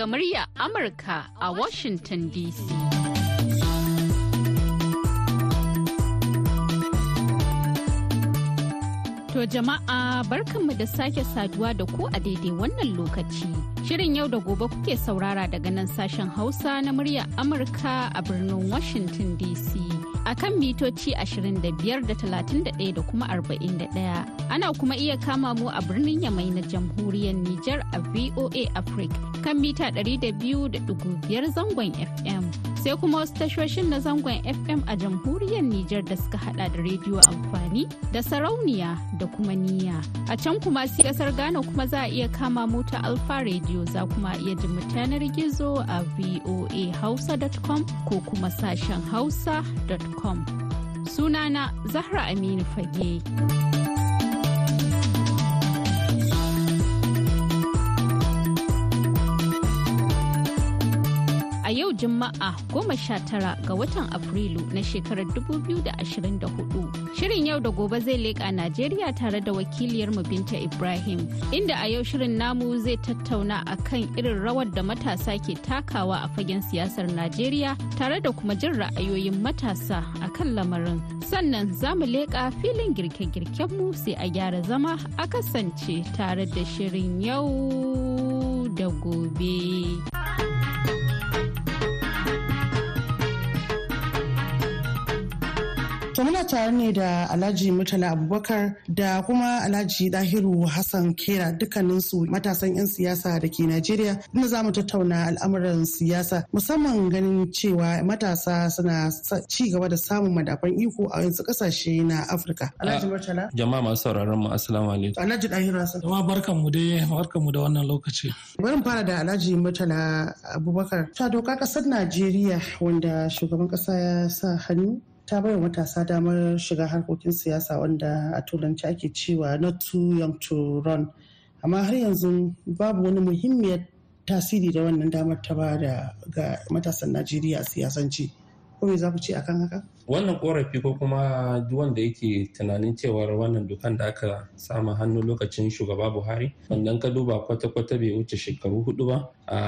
daga murya Amurka a Washington DC. To jama'a barkanmu da sake saduwa da ku a daidai wannan lokaci. Shirin yau da gobe kuke saurara daga nan sashen Hausa na murya Amurka a birnin Washington DC. a kan mitoci 25 da 31 da kuma 41. Ana kuma iya kama mu a birnin Yamai na jamhuriyar Nijar a VOA Africa kan mita 200.5 zangon FM. sai kuma wasu tashoshin na zangon fm a jamhuriyar Nijar da suka hada da rediyo amfani da sarauniya da kuma niya a can kuma sai kasar ghana kuma za a iya kama mota alfa rediyo za kuma iya ji mutanar gizo a voa hausa.com ko kuma sashen hausa.com sunana zahra aminu fage. Juma'a goma sha tara ga watan Afrilu na shekarar hudu Shirin yau da gobe zai leƙa Najeriya tare da wakiliyar mu Binta Ibrahim, inda a yau shirin namu zai tattauna a kan irin rawar da matasa ke takawa a fagen siyasar Najeriya tare da kuma jin ra'ayoyin matasa a kan lamarin. Sannan za mu leƙa filin girke girken mu sai a gyara zama a kasance tare da shirin yau da gobe. To muna tare ne da Alhaji Murtala Abubakar da kuma Alhaji Dahiru Hassan Kera dukkaninsu matasan 'yan siyasa da ke Najeriya inda za mu tattauna al'amuran siyasa musamman ganin cewa matasa suna ci gaba da samun madafan iko a yanzu kasashe na Afirka. Alhaji ah, Murtala. Jama'a masu sauraron mu assalamu alaikum. Alhaji Dahiru Hassan. Jama'a barkan mu dai barkan mu da wannan lokaci. Bari mu fara da Alhaji Murtala Abubakar. Ta doka kasar Najeriya wanda shugaban kasa ya sa hannu ta bai matasa damar shiga harkokin siyasa wanda a turanci ake cewa not too young to run amma har yanzu babu wani muhimmiyar tasiri da wannan damar ta da ga matasan najeriya a siyasance ko me za ku ce akan haka wannan korafi ko kuma wanda yake tunanin cewar wannan dukan da aka sama hannu lokacin shugaba buhari wannan ka duba kwata-kwata bai wuce shekaru hudu ba a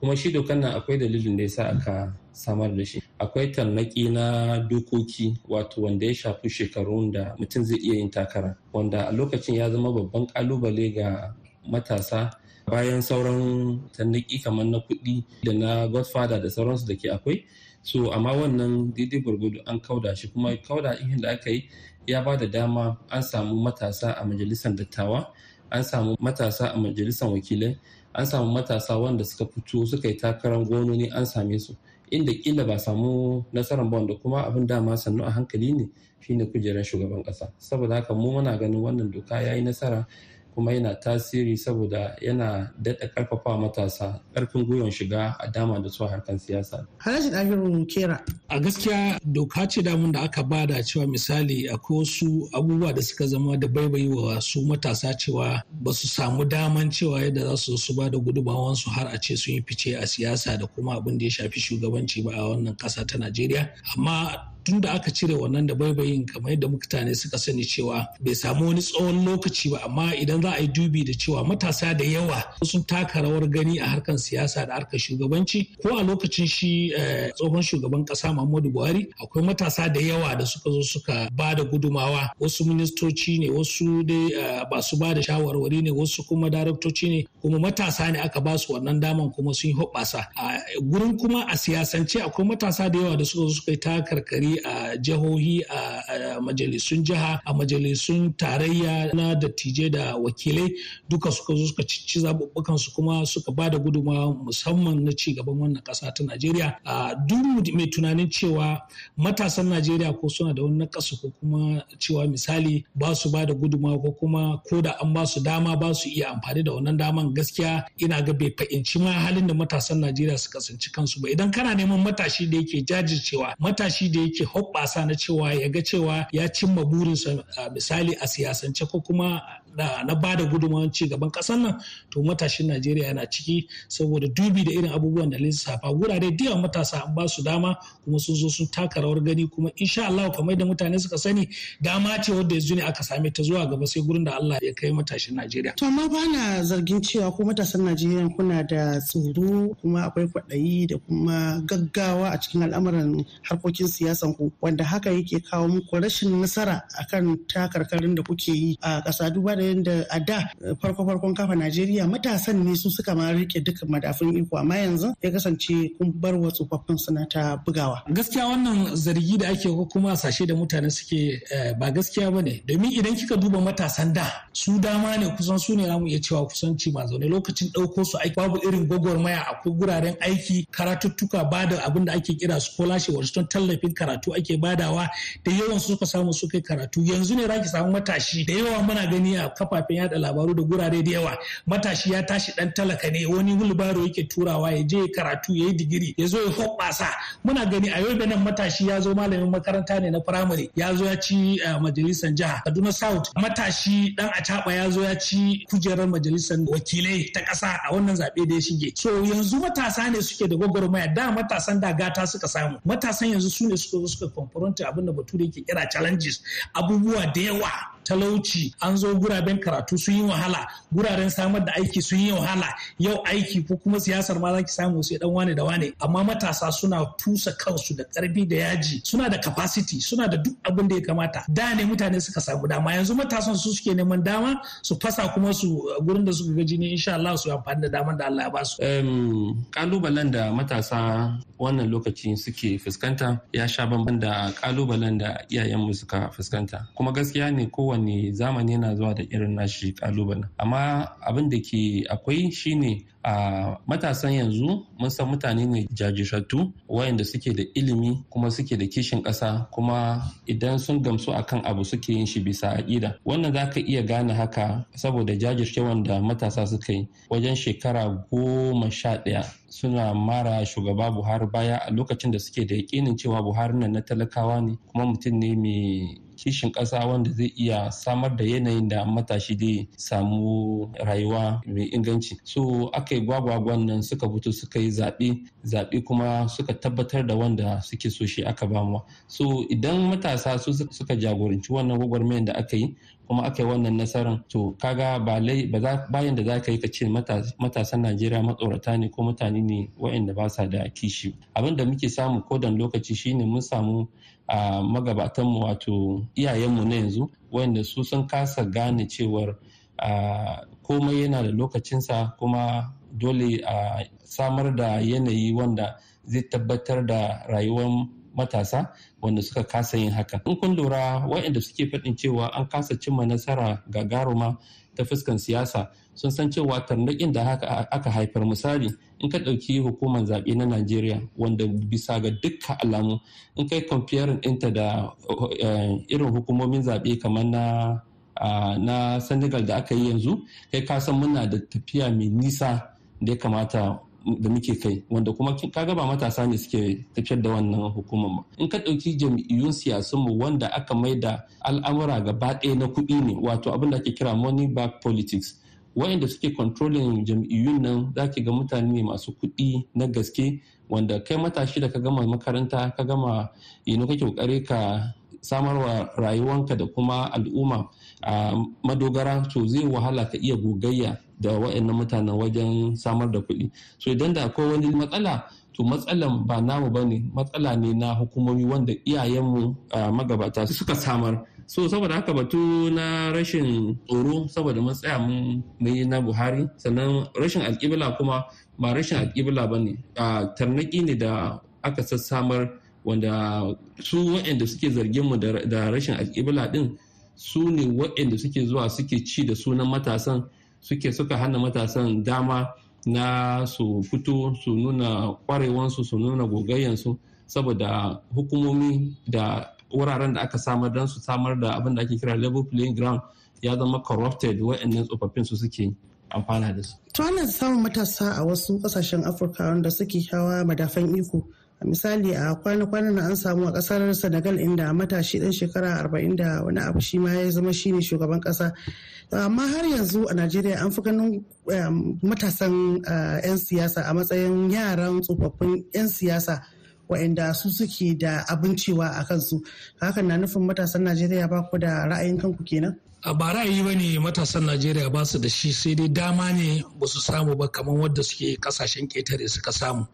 kuma shi dokan nan akwai dalilin da ya sa aka samar da shi akwai tarnaki na dokoki wato wanda ya shafi shekarun da mutum zai iya yin takara wanda a lokacin ya zama babban kalubale ga matasa bayan sauran tarnaki kamar na kuɗi da na godfather da sauransu da ke akwai so amma wannan daidai gwargwado an kauda shi kuma kauda ihin da aka yi ya ba da dama an samu matasa a majalisar dattawa an samu matasa a majalisar wakilai an samu matasa wanda suka fito suka yi takarar gononi an same su inda kila ba samu nasarar ba wanda kuma abin dama sannu a hankali ne shine kujerar shugaban kasa saboda haka mu muna ganin wannan doka ya yi nasara kuma yana tasiri saboda yana daɗa ƙarfafa matasa ƙarfin gwiwan shiga a dama da su harkar siyasa. Harajin Ahiru Kera. A gaskiya doka ce damun da aka bada cewa misali akwai wasu abubuwa da suka zama da wa su matasa cewa ba su samu daman cewa yadda za su su ba da gudubawansu har a ce sun yi fice a siyasa da kuma abin da ya shafi shugabanci ba a wannan ƙasa ta Najeriya. Amma tun da aka cire wannan da baibayin kamar yadda mutane suka sani cewa bai samu wani tsawon lokaci ba amma idan za a yi dubi da cewa matasa da yawa sun taka rawar gani a harkar siyasa da harkar shugabanci ko a lokacin shi eh, tsohon shugaban kasa Muhammadu Buhari akwai matasa da yawa da suka zo suka ba da gudumawa wasu ministoci ne wasu dai eh, ba su ba da shawarwari ne wasu kuma daraktoci ne kuma matasa ne aka ba su wannan daman kuma sun yi hoɓasa. a gurin kuma a siyasance akwai matasa da yawa da suka zo suka yi takarkari a jihohi a majalisun jiha a majalisun tarayya na dattijai da wakilai duka suka zo suka cici zaɓuɓɓukan su kuma suka ba da guduma musamman na ci gaban wannan ƙasa ta najeriya a duk mai tunanin cewa matasan najeriya ko suna da wani ƙasa ko kuma cewa misali ba su ba da guduma ko kuma ko da an ba su dama ba su iya amfani da wannan daman gaskiya ina ga bai fahimci ma halin da matasan najeriya suka sanci kansu ba idan kana neman matashi da yake jajircewa matashi da yake yake hoɓɓasa na cewa ya ga cewa ya cimma burinsa misali a siyasance ko kuma na ba da gudunmawar ci gaban ƙasar nan to matashin najeriya yana ciki saboda dubi da irin abubuwan da lissafa gurare diyan matasa an ba su dama kuma sun zo sun taka rawar gani kuma insha Allah kamar da mutane suka sani dama ce wadda yanzu ne aka same ta zuwa gaba sai gurin da Allah ya kai matashin najeriya to amma ba na zargin cewa ko matasan najeriya kuna da tsoro kuma akwai kwaɗayi da kuma gaggawa a cikin al'amuran harkokin siyasa ku wanda haka yake kawo muku rashin nasara akan takarkarin da kuke yi a ƙasa duba da yadda a da eh, farko farkon kafa Najeriya matasan ne su suka ma rike dukkan madafun iko amma yanzu ya kasance kun bar wa tsofaffin suna ta bugawa. Gaskiya wannan zargi da ake ko kuma sashe da mutane suke eh, ba gaskiya ba ne domin idan kika duba matasan da su dama ne kusan su ne namu iya cewa kusanci ma zaune lokacin ɗauko su aiki babu irin gwagwarmaya akwai guraren aiki karatuttuka ba da abin da ake kira su scholarship wato tallafin karatu karatu ake badawa da yawan suka samu suka yi karatu yanzu ne zaki samu matashi da yawa muna gani a kafafen yada labaru da gurare da yawa matashi ya tashi dan talaka ne wani wulbaro yake turawa ya je karatu ya yi digiri ya zo ya hoɓasa muna gani a yau da nan matashi ya zo malamin makaranta ne na firamare ya zo ya ci eh, majalisar jiha kaduna south matashi dan acaba ya zo ya ci kujerar majalisar wakilai ta ƙasa a wannan zaɓe da ya shige so yanzu matasa ne suke da gwagwarmaya da matasan da gata suka samu matasan yanzu su ne suka suka confronta abin da bature ke kira challenges abubuwa da yawa talauci an zo guraben karatu sun yi wahala guraren samar da aiki sun yi wahala yau aiki ko kuma siyasar ma za ki samu sai dan wane da wane amma matasa suna tusa kansu da karfi da yaji suna da capacity suna da duk abin da ya kamata da ne mutane suka samu dama yanzu matasan su suke neman dama su fasa kuma su uh, gurin da su ga jini insha Allah su amfani da daman da Allah ya ba su kalubalen da matasa wannan lokaci suke fuskanta ya sha banban da kalubalen da iyayenmu suka fuskanta kuma gaskiya ne kowa kowane zamani yana zuwa da irin nashi kalubale. amma abin da ke akwai shine a matasan yanzu mun san mutane ne jajishattu wayanda suke da ilimi kuma suke da kishin ƙasa kuma idan sun gamsu akan abu suke yin shi bisa aƙida wannan za ka iya gane haka saboda jajircewan da matasa suka yi wajen shekara goma sha ɗaya suna mara shugaba buhari baya a lokacin da suke da yaƙinin cewa buhari nan na talakawa ne kuma mutum ne mai kishin ƙasa wanda zai iya samar da yanayin da matashi dai samu rayuwa mai inganci so aka yi gwagwagwan nan suka fito suka yi zaɓe zaɓe kuma suka tabbatar da wanda suke so shi aka bamuwa so idan matasa su suka jagoranci wannan gwagwarmayar da aka yi kuma aka yi wannan nasarar to kaga ba bayan da za ka yi ka ce matasan najeriya matsorata ne ko mutane ne waɗanda ba sa da kishi abin da muke samu ko dan lokaci shine mun samu a magabatan magabatanmu wato iyayen mu na yanzu waɗanda su sun kasa gane cewar komai yana da lokacinsa kuma dole a samar da yanayi wanda zai tabbatar da rayuwar matasa wanda suka kasa yin haka. In kun lura waɗanda suke faɗin cewa an kasa cimma nasara gagaruma ta fuskan siyasa sun san cewa tarnaƙin da haka aka haifar misali in ka ɗauki hukumar zaɓe na Najeriya wanda bisa ga dukkan alamu in kai kwamfiyarin ɗinta da eh, irin hukumomin zaɓe kamar na na Senegal da aka yi yanzu kai ka san muna da tafiya mai nisa da ya kamata da muke kai wanda kuma kaga ba matasa ne suke tafiyar da wannan hukumar ba in ka ɗauki jam'iyyun siyasun mu wanda aka mai da al'amura gaba ɗaya na kuɗi ne wato abin da ake kira money back politics wayanda suke controlling jam'iyyun nan za ki ga mutane ne masu kuɗi na gaske wanda kai matashi da ka gama makaranta ka gama yino kake kokari ka samarwa rayuwanka da kuma al'umma a ah, madogara to zai wahala ka iya gogayya da wa'annan mutanen wajen samar da kuɗi so idan da akwai wani matsala to matsalan ba namu ba ne matsala ne na hukumomi wanda iyayenmu magabata suka samar so saboda haka batu na rashin tsoro saboda mun tsaya mun yi na buhari sannan rashin alƙibla kuma ba rashin alƙibla ba ne tarnaƙi ne da aka sassamar wanda su wa'anda suke zargin mu da rashin alƙibla ɗin su ne wa'anda suke zuwa suke ci da sunan matasan suke suka hana matasan dama na su fito su nuna kwarewansu su nuna gogayyansu saboda hukumomi da wuraren da aka samar don su samar da abin da ake kira level playing ground ya zama corrupted wa'annan tsofaffin su suke amfana da su. Tuwanin samun matasa a wasu kasashen Afirka wanda suke hawa madafan iko misali a kwanan na an samu a kasar senegal inda matashi dan shekara arba'in da wani abu shi ma ya zama shine shugaban kasa amma har yanzu a najeriya an fi ganin um, matasan uh, 'yan siyasa a matsayin yaran tsofaffin 'yan siyasa waɗanda su suke da abinciwa a kansu hakan na nufin matasan najeriya ba ku da ra'ayin kanku kenan a ba ra'ayi ba ne matasan najeriya ba su da shi sai dai dama ne ba su samu ba kamar wadda suke kasashen ketare suka samu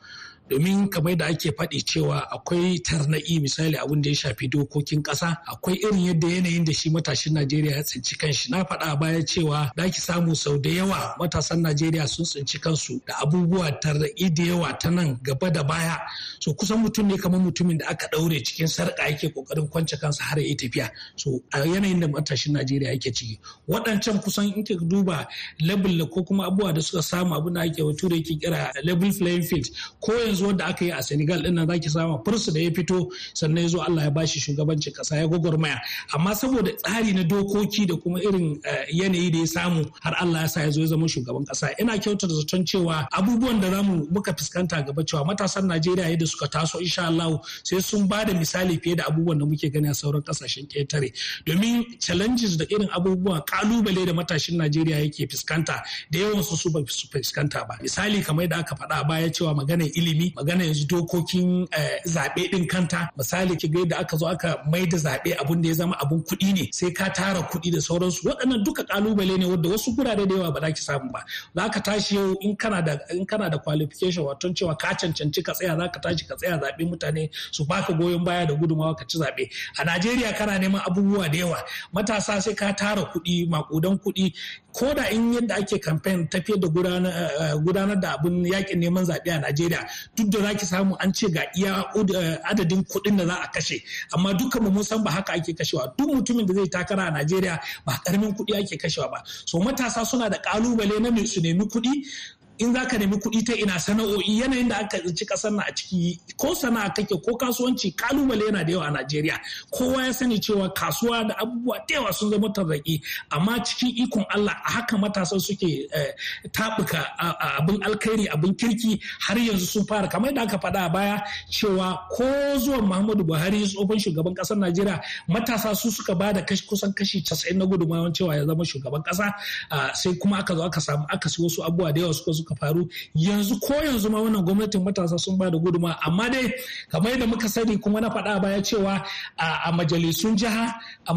domin kamar da ake faɗi cewa akwai tarnaƙi misali abin da ya shafi dokokin ƙasa akwai irin yadda yanayin da shi matashin najeriya ya tsinci kanshi na faɗa baya cewa da ki samu sau da yawa matasan najeriya sun tsinci kansu da abubuwa tarna'i da yawa ta nan gaba da baya so kusan mutum ne kamar mutumin da aka ɗaure cikin sarƙa yake ƙoƙarin kwance kansa har ya tafiya so a yanayin da matashin najeriya yake ciki waɗancan kusan in ka duba level ko kuma abubuwa da suka samu abin da ake wato da yake kira level playing field ko yanzu wanda aka yi a Senegal din nan zaki samu fursu da ya fito sannan ya zo Allah ya bashi shugabancin kasa ya gwagwarmaya amma saboda tsari na dokoki da kuma irin eh, yanayi da ya samu har Allah ya sa ya zo ya zama shugaban kasa ina kyautata zaton cewa abubuwan da zamu muka fuskanta gaba cewa matasan Najeriya yadda suka taso insha Allah sai sun ba da misali fiye da abubuwan da muke gani a sauran kasashen ƙetare domin challenges da irin abubuwa kalubale da matashin Najeriya yake fuskanta da yawan su su ba su fuskanta ba misali kamar da aka faɗa baya cewa maganar ilimi magana yanzu dokokin eh, zaɓe ɗin kanta misali ki ga da aka zo aka mai da zaɓe abun da ya zama abun kuɗi ne sai ka tara kuɗi da sauransu waɗannan duka ƙalubale ne wanda wasu gurare da yawa ba za ki samu ba za ka tashi yau in kana da in kana da qualification wato cewa ka cancanci ka tsaya za ka tashi ka tsaya zaɓe mutane su baka goyon baya da gudunmawa ka ci zaɓe a Najeriya kana neman abubuwa da yawa matasa sai ka tara kuɗi makudan kuɗi ko da in yadda ake kamfen tafiyar da eh, eh, gudanar da abun yakin neman zaɓe a Najeriya duk da zaki samu an ce ga iya eh, adadin kuɗin da za a kashe amma dukkan mu mun san ba haka ake kashewa duk mutumin da zai takara a Najeriya ba karamin kuɗi ake kashewa ba so matasa suna da ƙalubale na mai su nemi kuɗi in za ka nemi kuɗi ta ina sana'o'i yanayin da aka tsinci ƙasar na a ciki ko sana'a kake ko kasuwanci kalubale yana da yawa a Najeriya kowa ya sani cewa kasuwa da abubuwa da yawa sun zama tarzaki amma cikin ikon Allah a haka matasan suke eh, tabuka abin alkhairi abin kirki har yanzu sun fara kamar da aka faɗa a baya cewa ko zuwan Muhammadu Buhari tsohon shugaban ƙasar Najeriya matasa su suka ba da kusan kashi 90 na gudumawa cewa ya zama shugaban ƙasa ah, sai kuma aka zo aka samu aka wasu abubuwa da yawa suka suka faru yanzu ko yanzu ma wannan gwamnatin matasa sun ba da guduma amma dai kamar yadda muka sani kuma na faɗa baya cewa a majalisun jiha a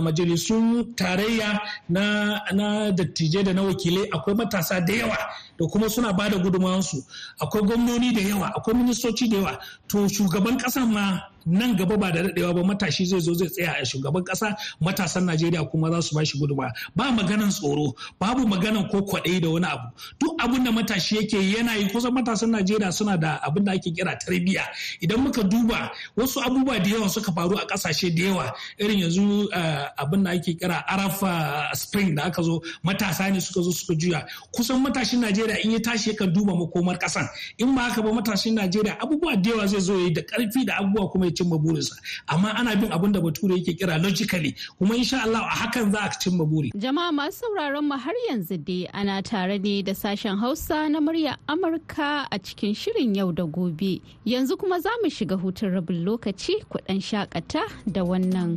majalisun tarayya na dattijai da na wakilai akwai matasa da yawa da kuma suna ba da gudunmawansu akwai gwamnoni da yawa akwai ministoci da yawa to shugaban kasa ma nan gaba ba da daɗewa ba matashi zai zo zai tsaya a shugaban ƙasa matasan najeriya kuma za su ba shi gudunmawa ba maganan tsoro babu maganan ko kwaɗayi da wani abu duk abin da matashi yake yana yi kusan matasan najeriya suna da abin da ake kira tarbiyya idan muka duba wasu abubuwa da yawa suka faru a ƙasashe da yawa irin yanzu eh, abin da ake kira arafa spring da aka zo matasa ne suka zo suka juya kusan matashin najeriya najeriya in ya tashi yakan duba makomar kasa in ba haka ba matashin najeriya abubuwa da yawa zai zo yi da karfi da abubuwa kuma ya cimma burinsa amma ana bin abin da bature yake kira logically kuma insha Allah a hakan za a cimma buri jama'a masu sauraron mu har yanzu dai ana tare ne da sashen hausa na murya amurka a cikin shirin yau da gobe yanzu kuma za mu shiga hutun rabin lokaci kuɗan shakata da wannan.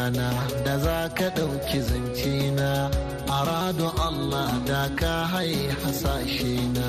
rana da za ka ɗauki zance na a Allah da ka hai hasashe na.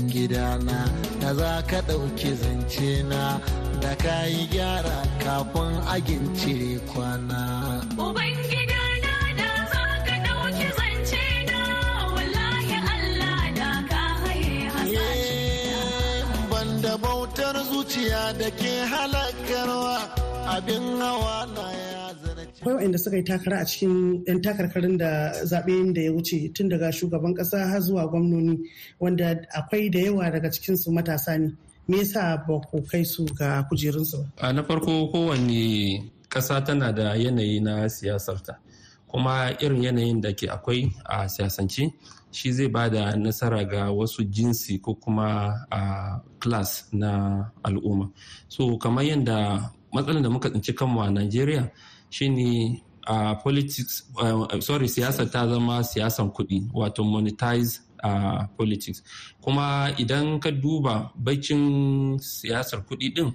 cikin gidana da za ka ɗauki zance na da ka yi gyara kafin agin cire kwana. Bautar zuciya da ke halakarwa abin hawa na ya akwai waɗanda suka yi takara a cikin 'yan takarkarin da zaɓe da ya wuce tun daga shugaban ƙasa har zuwa gwamnoni wanda akwai da yawa daga cikinsu matasa ne me yasa ba ku kai su ga kujerunsu a na farko kowanne ƙasa tana da yanayi na siyasarta kuma irin yanayin da ke akwai a siyasance shi zai ba da nasara ga wasu jinsi ko kuma a class na al'umma so kamar yadda matsalar da muka tsinci kanmu a najeriya shine uh, politics sorry siyasa ta zama siyasan kuɗi wato monetize uh, politics kuma idan ka duba bakin siyasar kuɗi din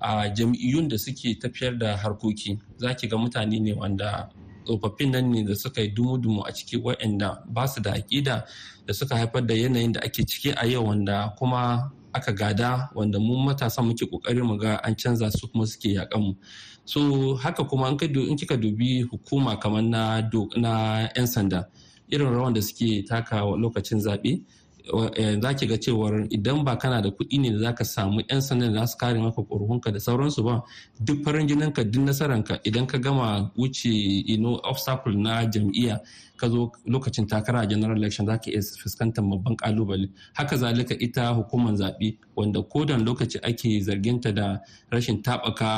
a jam'iyyun da suke tafiyar da harkoki za ki ga mutane ne wanda tsofaffin nan ne da suka yi dumu-dumu a ciki waɗanda ba su da aƙida da suka haifar da yanayin da ake ciki a yau wanda kuma aka gada wanda mun matasa muke ƙoƙarin mu ga an canza su kuma suke yaƙanmu. mu so haka kuma in kika dubi hukuma kamar na 'yan sanda irin rawan da suke taka lokacin zaɓe eh, za ki ga cewar idan ba kana da kuɗi ne da za ka samu 'yan sanda da za su kare maka ƙorhunka da sauransu ba duk farin jininka duk nasaranka idan ka gama wuce ino obstacle na jam'iyya ka zo lokacin takara a general election za ka iya fuskantar babban kalubale haka zalika ita hukumar zaɓe wanda kodan lokaci ake zarginta da rashin taɓaka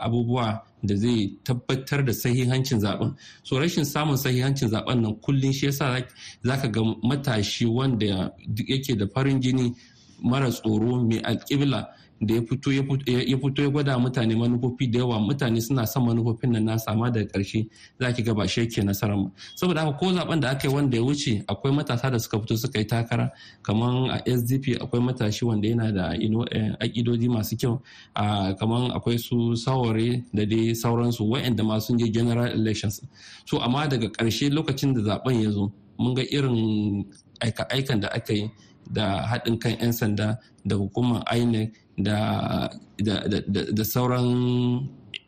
abubuwa da zai tabbatar da sahihancin zaben so rashin samun sahihancin zaben nan kullum shi yasa zaka ga matashi wanda yake da farin jini mara tsoro mai alƙibla da ya fito ya gwada mutane manufofi da yawa mutane suna son manufofin nan na sama da karshe za ki ga shi yake nasarar mu. saboda haka ko zaben da aka yi wanda ya wuce akwai matasa da suka fito suka yi takara kamar a SDP akwai matashi wanda yana da eh, akidoji masu kyau kamar akwai su saware da dai sauransu wa'anda ma sun je general elections so amma daga karshe lokacin da zaben ya zo mun ga irin aika-aikan da aka yi da haɗin kan 'yan sanda da hukumar inec da, sauran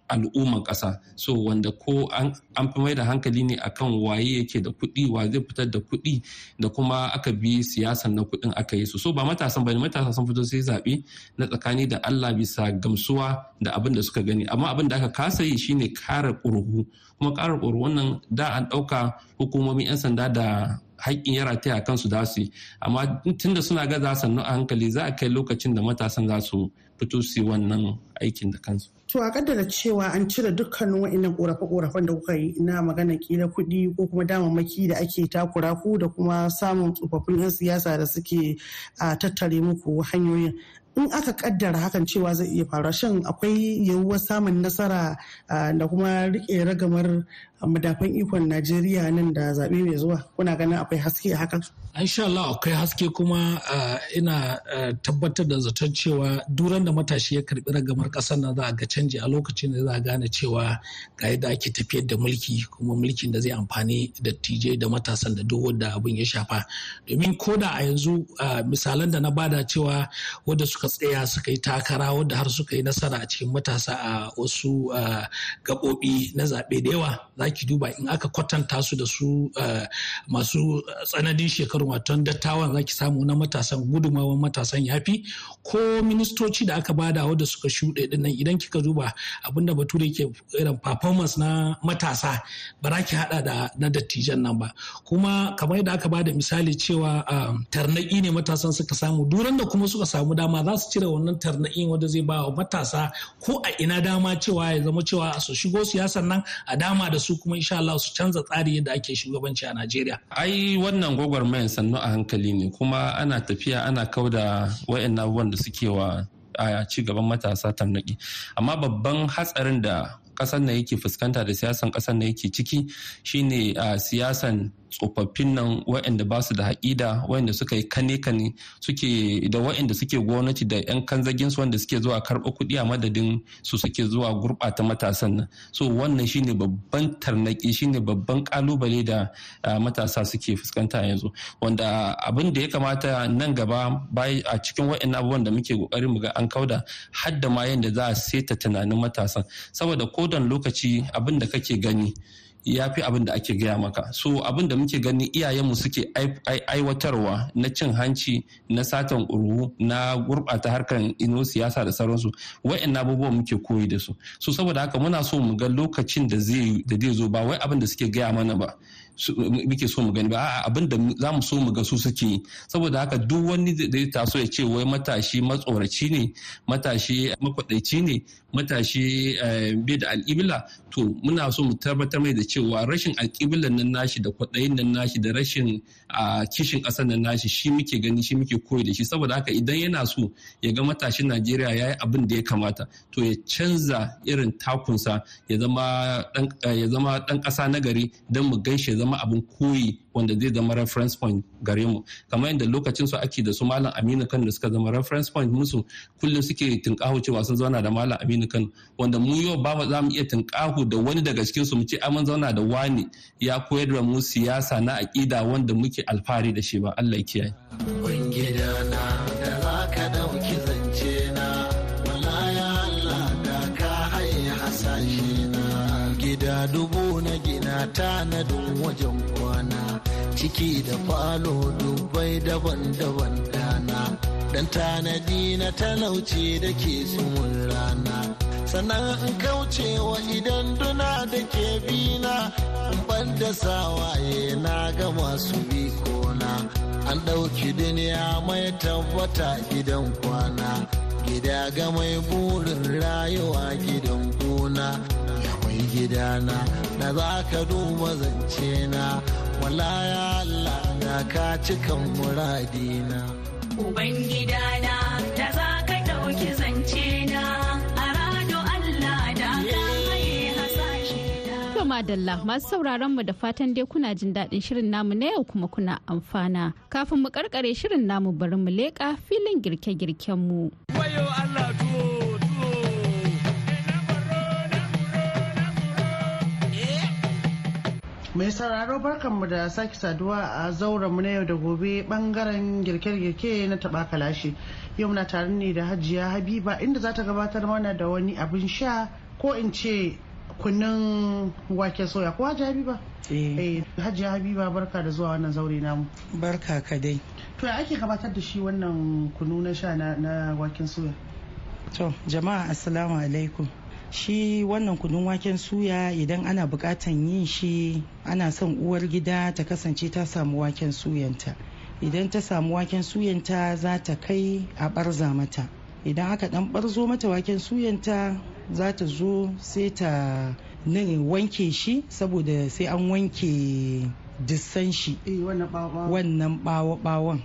al'umman ƙasa so wanda ko an fi mai da hankali ne akan waye yake da kuɗi wa zai fitar da kuɗi da kuma aka bi siyasan na kuɗin aka yi su so ba matasan ba ne matasan sun fito sai zaɓe na tsakani da Allah bisa gamsuwa da abin da suka gani amma abin da aka kasa yi shine kara ƙurhu kuma kara ƙurhu wannan da an ɗauka hukumomin 'yan sanda da haƙƙin ya rataya a kansu da su yi amma tunda suna gaza sannu a hankali za a kai lokacin da matasan za su fito su wannan aikin da kansu. To a kaddara cewa an cire dukkanin wa'annan korafe-korafen da kuka yi na magana kila kuɗi ko kuma damammaki da ake takura ku da kuma samun tsofaffin 'yan siyasa da suke a tattare muku hanyoyin. In aka kaddara hakan cewa zai iya faruwa shan akwai yiwuwar samun nasara da kuma riƙe ragamar A madafan ikon Najeriya nan da zaɓe mai zuwa kuna ganin akwai haske a hakan? Ah, insha Allah akwai haske kuma ah, ina ah, tabbatar da zaton cewa duran da matashi ya karɓi ragamar ƙasar nan za a ga canji a lokacin da za a gane cewa ga yadda ake tafiyar da mulki kuma mulkin da zai amfani da tije da matasan da duk wanda abin ya shafa. Domin ko da a yanzu misalan da na bada cewa wanda suka tsaya suka yi takara wanda har suka yi nasara a cikin matasa a wasu gaɓoɓi na zaɓe da yawa zaki duba in aka kwatanta su da su eh, masu tsananin shekaru watan dattawan za ki samu na matasan gudumawan matasan yafi ko ministoci da aka bada wadda suka shuɗe nan idan kika duba abinda bature ke irin performance na matasa ba za ki hada da na dattijan nan ba kuma kamar da aka bada misali cewa eh, tarnaki ne matasan suka samu duran da kuma suka samu dama za su cire wannan tarnakin wanda zai ba wa matasa ko a ina dama cewa ya zama cewa su shigo siyasan nan a dama da su Kuma kuma insha Allah su canza tsari yadda ake shugabanci a Najeriya. Ai wannan mayan sannu a hankali ne kuma ana tafiya ana kauda wa'in abubuwan da suke wa a ci gaban matasa tamnaki amma babban hatsarin da kasan na yake fuskanta da siyasan kasar na yake ciki shine a siyasan tsofaffin nan wa'anda ba su da haƙida wa'anda suka yi kane kane suke da wa'anda suke gwamnati da yan kanzagin su wanda suke zuwa karɓa kuɗi a madadin su suke zuwa gurɓata matasan nan so wannan shine babban tarnaki shine babban kalubale da matasa suke fuskanta yanzu wanda abin da ya kamata nan gaba a cikin wa'in abubuwan da muke kokarin mu ga an kauda har da ma yanda za a seta tunanin matasan saboda kodan lokaci abin da kake gani ya fi abin da ake gaya maka so abin da muke gani iyayenmu suke aiwatarwa na cin hanci na satan ƙurhu na gurɓata harkar ino siyasa da sauransu wa'in abubuwan muke koyi da su so saboda haka muna so mu ga lokacin da zai zo ba wai abin da suke gaya mana ba muke so mu gani ba a'a abin da za mu so mu ga su suke yi saboda haka duk wani da ya taso ya ce wai matashi matsoraci ne matashi makwadaici ne matashi eh, bai da alƙibla to muna so mu tabbatar mai da cewa rashin alƙiblan nan nashi da kwaɗayin nan nashi da rashin kishin ƙasar nan nashi shi muke gani shi muke koyi da shi saboda haka idan yana so ya ga matashin Najeriya ya yi abin da ya kamata to ya canza irin takunsa ya zama ɗan eh, ƙasa na gari don mu ganshi ya zama abin koyi wanda zai zama reference point gare mu kamar yadda lokacin su ake da su malam aminu kan da suka zama reference point musu kullum suke tunkahu cewa sun zauna da malam aminu kan wanda mu yau ba za mu iya tinkahu da wani daga cikin su mu ce mun zauna da wani ya koyar da mu siyasa na aƙida wanda muke alfahari da shi ba Allah ya kiyaye. Gida dubu na gina tanadin wajen ciki da falo dubbai daban-daban dana dan tanadi na talauce da ke sumun rana sannan in kaucewa idan duna da ke bina in ban da sawaye na ga masu bikona an ɗauki duniya mai tabbata gidan kwana gida ga mai burin rayuwa gidan gona ya mai gidana da za ka duba zance na wala ya Allah na ka cikan muradina ubangida na da za ka dauki zance na rado Allah da madalla masu sauraron mu da fatan dai kuna jin daɗin shirin namu na yau kuma kuna amfana kafin mu karkare shirin namu bari mu leƙa filin girke-girken mu. Allah Mai sauraro barkanmu da sake saduwa a zauren mu na yau da gobe bangaren girke-girke na taba kalashi. Yau na tare ne da Hajiya Habiba inda za ta gabatar mana da wani abin sha ko in ce kunnin wake soya ko Hajiya Habiba? Eh. eh. Hajiya Habiba barka da zuwa wannan zaure namu. Barka ka dai. To ya ake gabatar da shi wannan kunu na sha na waken soya? To jama'a assalamu alaikum. shi wannan kunun waken suya idan ana bukatan yin shi ana son uwar gida ta kasance ta samu waken suyanta idan ta samu waken suyanta za ta kai a barza mata idan aka dan barzo mata waken suyanta za ta zo sai ta wanke shi saboda sai an wanke dusan shi eh, wannan bawon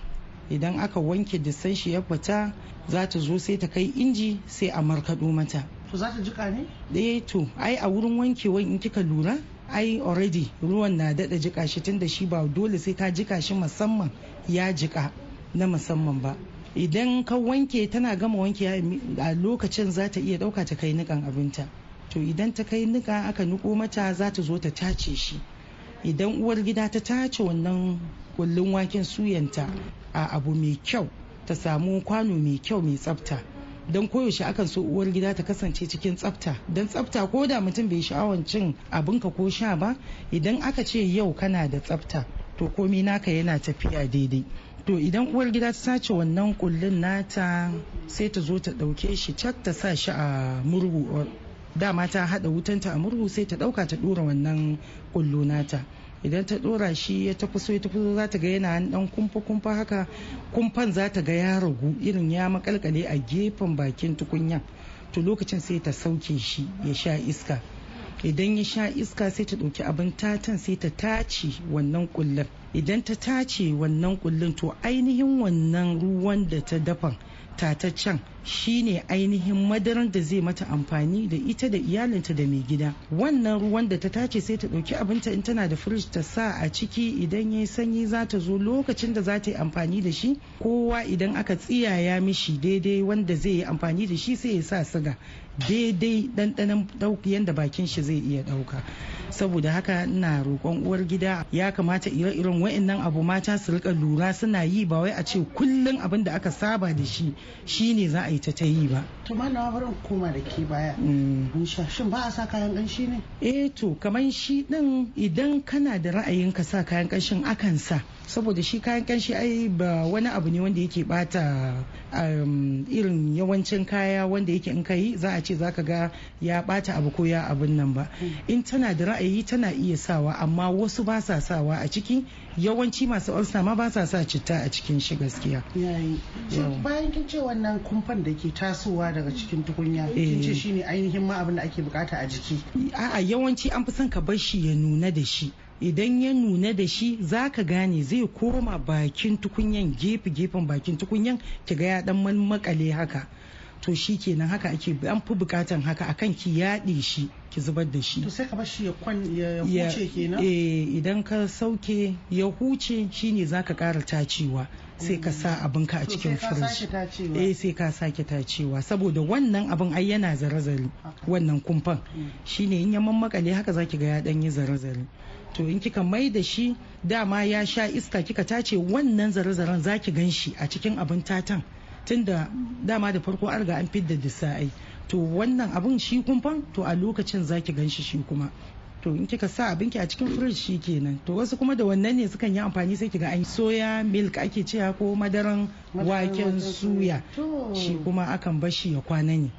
idan aka wanke dusan shi ya fita za ta zo sai ta kai inji sai a markaɗo mata to za ta jika ne eh to ai a wurin wankewan in kika lura ai already ruwan na dada jika shi tun da shi ba dole sai ka jika shi musamman ya jika na musamman ba idan ka wanke tana gama wanke a lokacin za ta iya ɗauka ta kai nikan abinta to idan ta kai nika aka niko mata za ta zo ta tace shi idan uwar gida ta tace wannan kullun waken suyanta a abu mai kyau ta samu kwano mai kyau mai tsafta don koyaushe akan so uwar gida ta kasance cikin tsafta don tsafta ko da mutum bai sha'awan cin ka ko sha ba idan aka ce yau kana da tsafta to komi naka yana tafiya daidai to idan uwar gida ta sace wannan kullun nata sai ta zo ta dauke shi cak ta sa shi a murhu dama ta haɗa wutanta a murhu sai ta ɗauka ta dora wannan kullu nata idan ta dora shi ya ta kuso ta kuso za ta ga yana dan kumfa kumfa haka kumfan za ta ga ya ragu irin ya makalkale a gefen bakin tukunya to lokacin sai ta sauke shi ya sha iska idan ya sha iska sai ta ɗauki abin tatan sai ta tace wannan idan ta tace wannan kullun to ainihin wannan ruwan da ta dafa tataccen shine ainihin madaran da zai mata amfani da ita da iyalinta da mai gida wannan ruwan da ta tace sai ta ɗauki abinta in tana da firij ta sa a ciki idan ya sanyi za ta zo lokacin da za ta yi amfani da shi kowa idan aka tsiyaya mishi daidai wanda zai yi amfani da shi sai ya sa siga daidai ɗanɗanon ɗauki yadda bakin shi zai iya ɗauka saboda haka ina roƙon uwar gida ya kamata ire-iren wa'annan abu mata su rika lura suna yi ba wai a ce kullum abin da aka saba da shi shine za a yi ta ta yi ba to na bari koma da ke baya mm. shin ba a sa kayan ƙanshi ne eh to kamar shi din idan kana da ra'ayin ka sa kayan ƙanshin akan sa saboda shi kayan kanshi ai ba wani abu ne wanda yake bata um, irin yawancin kaya wanda yake in kai za a ce ka ga ya bata abu ko ya abin nan ba hmm. in tana da ra'ayi tana iya sawa amma wasu ba sa sawa a ciki yawanci masu ulcer ma ba sa sa citta a cikin shi gaskiya bayan kin ce wannan kumfan da ke tasowa daga cikin tukunya kin ce eh. shine ainihin ma abin da ake bukata a jiki a'a yawanci an fi son ka bar shi ya nuna da shi idan ya nuna da shi za ka gane zai koma bakin tukunyan gefe gefen bakin tukunyan ki ga ya dan makale haka to shi kenan haka ake an fi bukatan haka akan ki yaɗe shi ki zubar da shi. To sai ka bar shi ya kwan ya huce kenan? Eh idan ka sauke ya huce shine ka ƙara tacewa sai ka sa abinka a cikin firij. Eh sai ka sake tacewa saboda wannan abin ai yana zare-zare wannan kumfan mm. shine in ya mammakale haka zaki ga ya dan yi zare-zare. to in kika mai da shi dama ya sha iska kika tace wannan zare-zaren zaki gan shi a cikin abin tatan tunda dama da farko arga riga an fidda disa'ai to wannan abin shi kumfan to a lokacin zaki gan shi shi kuma to in kika sa abinki a cikin firij shi kenan to wasu kuma da wannan ne sukan yi amfani sai kiga an soya milk ake cewa ko madaran waken suya shi kuma akan bar shi ya kwana ne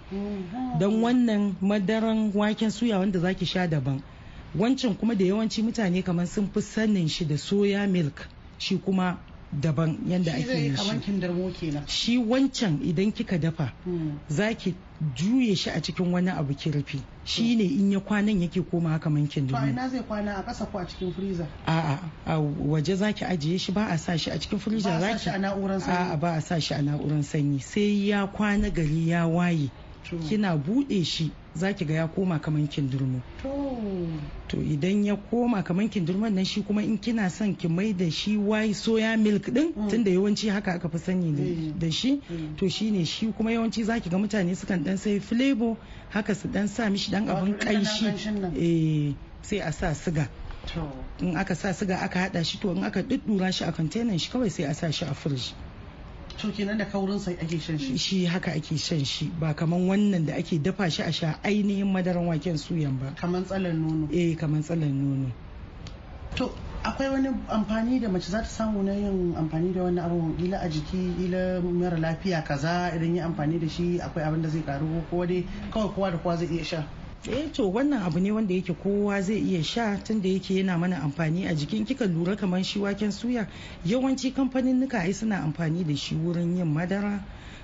don wannan madaran waken suya wanda zaki sha daban wancan kuma da yawanci mutane kamar sun fi sannin shi da soya milk shi kuma daban yadda ake yin shi shi wancan idan kika dafa hmm. za ki juye shi a cikin wani abu ki rufe shi ne in ya kwanan yake koma kamar kindirmo to ina zai kwana a ƙasa ko a cikin freezer a a a waje zaki ajiye shi ba a sa shi a cikin freezer zaki ba a sa shi a na'uran sanyi a ba a sa shi a na'urar sanyi sai ya kwana gari ya waye kina bude shi za ki ga ya koma kaman kindurmo to idan ya koma kaman kindurmon nan shi kuma in kina son ki mai da shi wai soya milk din mm. tunda yawanci haka aka fi sani da mm. shi mm. to shi ne shi kuma yawanci za ki ga mutane sukan dan sai flavor haka su dan sa mishi dan abin kanshi eh, sai a sa siga in aka sa siga aka hada shi to in aka duddura shi a kwantenan shi kawai sai a sa shi a firiji to kenan da kaurin sai ake shan shi shi haka ake shan shi ba kaman wannan da ake dafa shi a sha ainihin madaran waken suyan ba kaman tsalan nono eh kaman tsalan nono to akwai wani amfani da mace za ta samu na yin amfani da wani abu ila a jiki ila mara lafiya kaza idan yi amfani da shi akwai abin da zai karu ko dai kawai kowa da kowa zai iya sha eh to wannan abu ne wanda yake kowa zai iya sha tunda yake yana mana amfani a jikin kika lura kamar shi waken suya yawanci kamfanin nuka ai suna amfani da shi wurin yin madara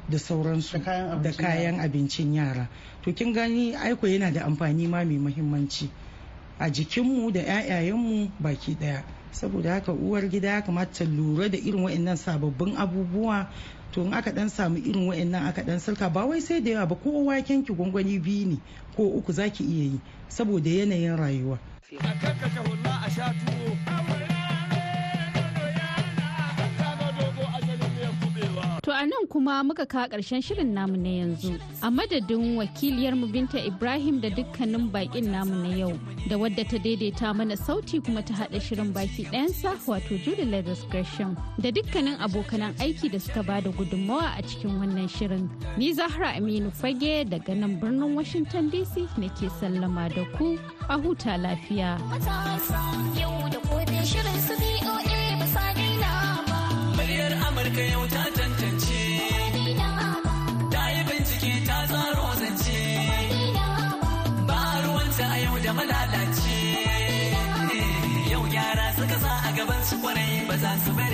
da sauransu da kayan abincin yara to kin gani aiko yana da amfani ma mai muhimmanci a jikinmu da 'ya'yayenmu baki daya saboda haka uwar gida ya kamata ta lura da irin waɗannan sababbin abubuwa to in aka dan samu irin wa'annan aka dan sarka ba wai sai da yawa ba ko waken ki gwangwani biyu ne ko uku zaki iya yi saboda yanayin rayuwa a sha tuwo To a nan kuma muka ka ƙarshen shirin namu na yanzu. A madadin wakiliyarmu Binta Ibrahim da dukkanin bakin namu na yau da wadda ta daidaita mana sauti kuma ta haɗa shirin baki ɗayansa wato Julie Leathers Gresham da dukkanin abokanan aiki da suka ba da gudunmawa a cikin wannan shirin. Ni Zahra Aminu Fage daga nan birnin Washington DC nake sallama da ku a huta lafiya. Amurka yau ta zama lalace eh, yau yara suka sa a gaban su kwarai ba za su bai